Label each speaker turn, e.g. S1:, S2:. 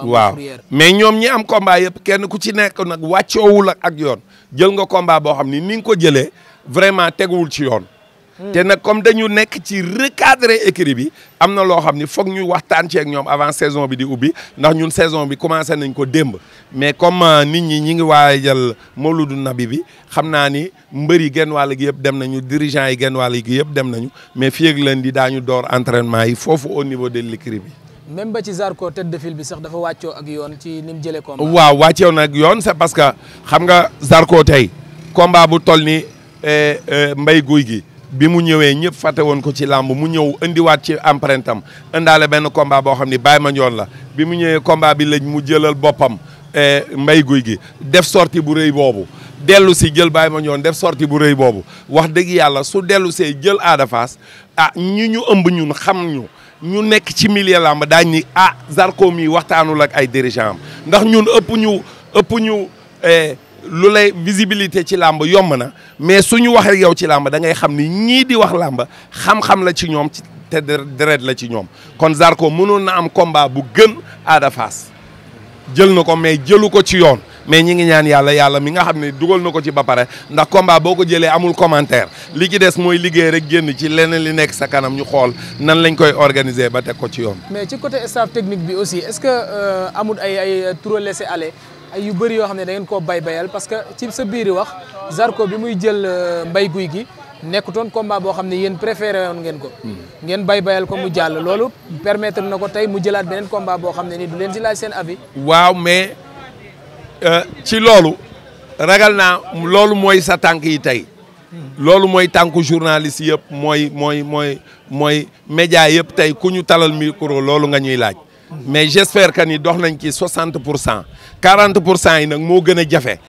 S1: waaw mais ñoom ñi am combat yëpp kenn ku ci nekk nag wàccoowul ak yoon jël nga combat boo xam ni ni nga ko jëlee vraiment teguwul ci yoon hmm. te nag comme dañu nekk ci recadrer écrit bi am na loo xam ni foog ñu waxtaan ci ak ñoom avant saison bi di ubbi ndax ñun saison bi commencé nañ ko démb mais comme euh, nit ñi ñi ngi waajal du Nabi bi xam naa ni mbër yi genn wàll gi yëpp dem nañu dirigeant yi genn wàll gi yëpp dem nañu mais fii ak leen di daañu door entraînement yi foofu au niveau de l'écrit bi
S2: même ba ci Zarko tête file bi sax dafa wàccoo ak yoon ci ni mu jëlee combat. waaw
S1: wàcceew nag yoon c'est parce que xam nga Zarko tey combat bu toll ni eh, eh, mbay guy gi bi mu ñëwee ñëpp fàtte woon ko ci làmb mu ñëw indiwaat ci empreinte am indaale benn combat boo xam ni bàyyi ma njoon la bi mu ñëwee combat bi lañ mu jëlal boppam eh, mbay guy gi def sorti bu rëy boobu dellu si jël bàyyi ma ñoon def sorti bu rëy boobu wax dëgg yàlla su dellu see jël aada faas ah ñi ñu ëmb ñun xam ñu nekk ci milieu làmb daañ ni ah Zarko mi waxtaanul ak ay dirigeant am ndax ñun ëpp ñu ëpp ñu eh, lu lay visibilité ci làmb yomb na mais su ñu waxee yow ci làmb dangay xam ni ñii di wax làmba xam-xam la ci ñoom ci te deret la ci ñoom kon Zarko mënoon na am combat bu gën Ada Fass jël na ko mais jëlu ko ci yoon mais ñi ngi ñaan yàlla yàlla mi nga xam ne dugal na ko ci ba pare ndax combat boo ko jëlee amul commentaire li ci des mooy liggéey rek génn ci leneen li nekk sa kanam ñu xool nan lañ koy organiser ba teg ko ci yoon.
S2: mais ci côté staff technique bi aussi est-ce que euh, amul ay ay euh, trop laisser aller ay yu bëri yoo xam ne da ngeen koo bay bayal parce que ci sa biir wax Zarko bi muy jël euh, mbay guy gi. nekkutoon combat boo xam ne yéen préféré woon ngeen ko. Hmm. ngeen bay bayal ko mu jàll loolu permettre na ko tey mu jëlaat beneen combat boo xam ne ni du leen ci laaj seen avis.
S1: Euh, ci loolu ragal na loolu mooy sa tànk yi tey loolu mooy tànku journaliste yëpp mooy mooy mooy mooy média yëpp tey ku ñu talal micro loolu nga ñuy laaj mais j'espère que ni dox nañ ci 60 pour cent 40 pour cent yi nag moo gën a jafe